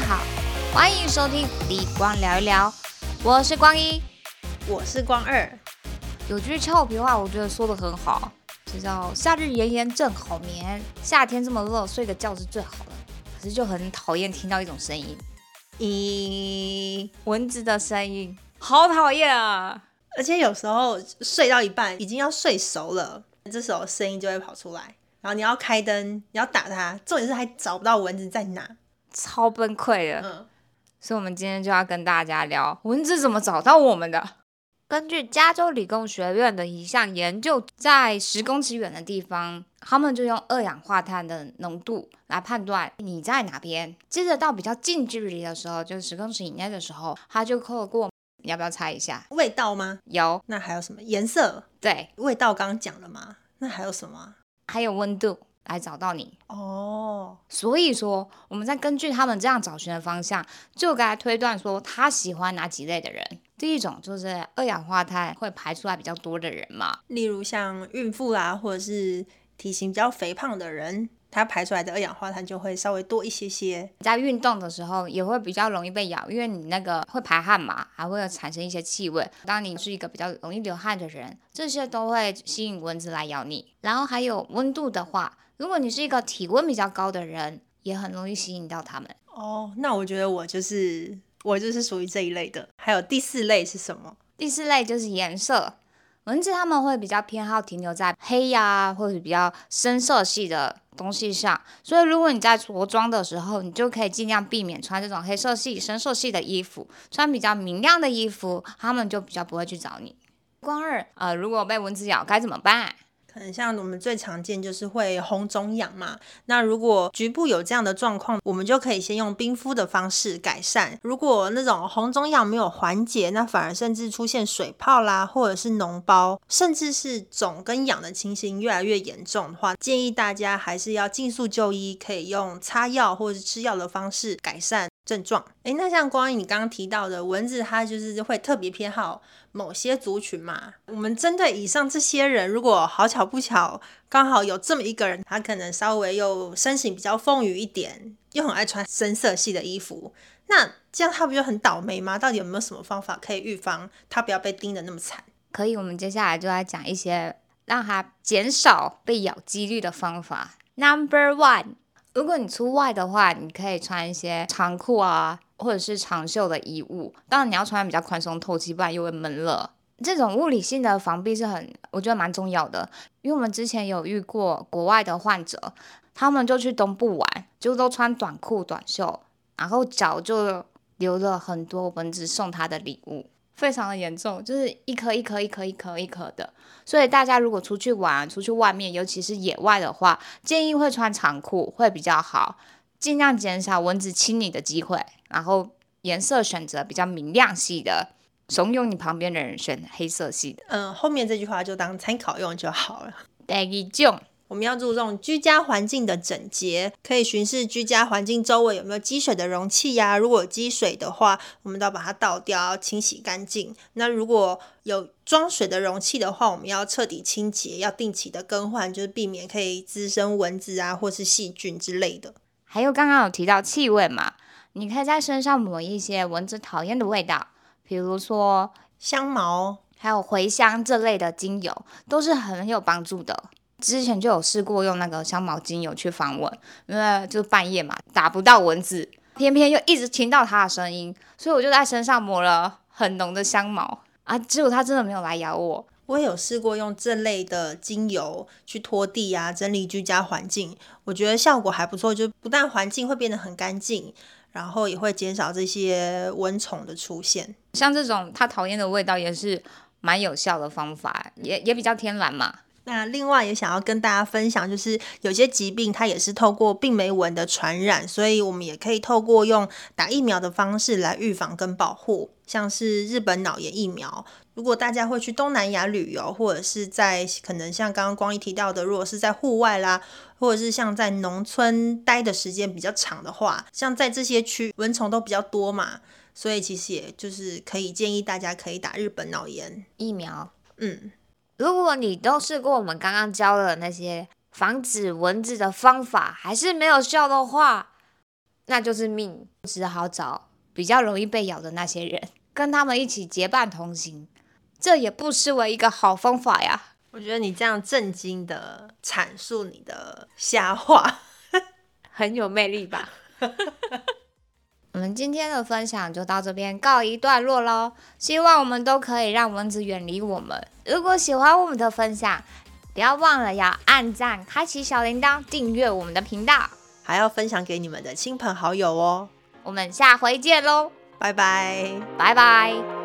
大家好，歡迎收聽《立光聊一聊》，我是光一，我是光二。有句俏皮話，我覺得說得很好，就叫“夏日炎炎正好眠”。夏天這麼熱，睡個覺是最好的。可是就很討厭聽到一種聲音——咦，蚊子的聲音，好討厭啊！而且有時候睡到一半，已經要睡熟了，這時候聲音就會跑出來，然後你要開燈，你要打它，重點是還找不到蚊子在哪。超崩潰的，嗯。所以我們今天就要跟大家聊蚊子怎麼找到我們的。根據加州理工學院的一項研究，在十公尺遠的地方，他們就用二氧化碳的濃度來判斷你在哪邊。接着到比較近距離的時候，就是十公尺以內的時候，它就靠過。你要不要猜一下？味道嗎？有。那還有什麼？顏色？對，味道剛剛講了嘛。那還有什麼？還有溫度。來找到你哦，oh. 所以說，我們在根據他們這樣找尋的方向，就該推斷說他喜歡哪幾類的人。第一種就是二氧化碳會排出來比較多的人嘛，例如像孕婦啊，或者是體型比較肥胖的人。它排出來的二氧化碳就會稍微多一些些，在運動的時候也會比較容易被咬，因為你那個會排汗嘛，還會產生一些氣味。當你是一個比較容易流汗的人，這些都會吸引蚊子來咬你。然後還有溫度的話，如果你是一個體溫比較高的人，也很容易吸引到他們。哦，oh, 那我覺得我就是我就是屬於這一類的。還有第四類是什麼？第四類就是顏色，蚊子他們會比較偏好停留在黑呀、啊，或者是比較深色系的。東西上，所以如果你在着裝的時候，你就可以盡量避免穿這種黑色系、深色系的衣服，穿比較明亮的衣服，他們就比較不會去找你。光二，呃，如果我被蚊子咬，該怎麼辦？嗯，像我們最常見就是會紅腫癢嘛。那如果局部有這樣的狀況，我們就可以先用冰敷的方式改善。如果那種紅腫癢沒有緩解，那反而甚至出現水泡啦，或者是膿包，甚至是腫跟癢的情形越來越嚴重的話，建議大家還是要盡速就醫，可以用擦藥或者是吃藥的方式改善。症狀，哎，那像關於你剛剛提到的蚊子，它就是會特別偏好某些族群嘛。我們針對以上這些人，如果好巧不巧，剛好有這麼一個人，他可能稍微又身形比較豐腴一點，又很愛穿深色系的衣服，那這樣他不就很倒霉？嗎？到底有沒有什麼方法可以預防他不要被叮得那麼慘？可以，我們接下來就要講一些讓他減少被咬幾率的方法。Number one。如果你出外的話，你可以穿一些長褲啊，或者是長袖的衣物。當然，你要穿比較寬鬆透氣，不然又會悶熱。這種物理性的防避是很，我覺得蠻重要的。因為我們之前有遇過國外的患者，他們就去東部玩，就都穿短褲短袖，然後腳就留了很多蚊子送他的禮物。非常的嚴重，就是一顆一顆一顆一顆一顆的，所以大家如果出去玩、出去外面，尤其是野外的話，建議會穿長褲會比較好，盡量減少蚊子親你的機會，然後顏色選擇比較明亮系的，慫恿你旁邊的人選黑色系的。嗯，後面這句話就當參考用就好了。第二種。我們要注重居家環境的整潔，可以巡視居家環境周圍有沒有積水的容器呀。如果有積水的話，我們都要把它倒掉，清洗乾淨。那如果有裝水的容器的話，我們要徹底清潔，要定期的更換，就是避免可以滋生蚊子啊，或是細菌之類的。還有剛剛有提到氣味嘛，你可以在身上抹一些蚊子討厭的味道，比如說香茅、還有茴香這類的精油，都是很有幫助的。之前就有試過用那個香茅精油去防蚊，因為就是半夜嘛，打不到蚊子，偏偏又一直聽到它的聲音，所以我就在身上抹了很濃的香茅啊，結果它真的沒有來咬我。我也有試過用這類的精油去拖地啊，整理居家環境，我覺得效果還不錯，就不但環境會變得很乾淨，然後也會減少這些蚊蟲的出現。像這種它討厭的味道也是蠻有效的方法，也也比較天然嘛。那另外也想要跟大家分享，就是有些疾病它也是透過病媒蚊的傳染，所以我們也可以透過用打疫苗的方式來預防跟保護，像是日本腦炎疫苗。如果大家會去東南亞旅遊，或者是在可能像剛剛光一提到的，如果是在戶外啦，或者是像在農村待的時間比較長的話，像在這些區蚊蟲都比較多嘛，所以其實也就是可以建議大家可以打日本腦炎疫苗。嗯。如果你都試過我們剛剛教的那些防止蚊子的方法，還是沒有效的話，那就是命，只好找比較容易被咬的那些人，跟他們一起結伴同行，這也不失為一個好方法呀。我覺得你這樣震驚地闡述你的瞎話， 很有魅力吧？ 我們今天的分享就到這邊告一段落嘍，希望我們都可以讓蚊子遠離我們。如果喜歡我們的分享，不要忘了要按讚、開啟小鈴鐺、訂閱我們的頻道，還要分享給你們的親朋好友哦。我們下回見嘍，拜拜，拜拜。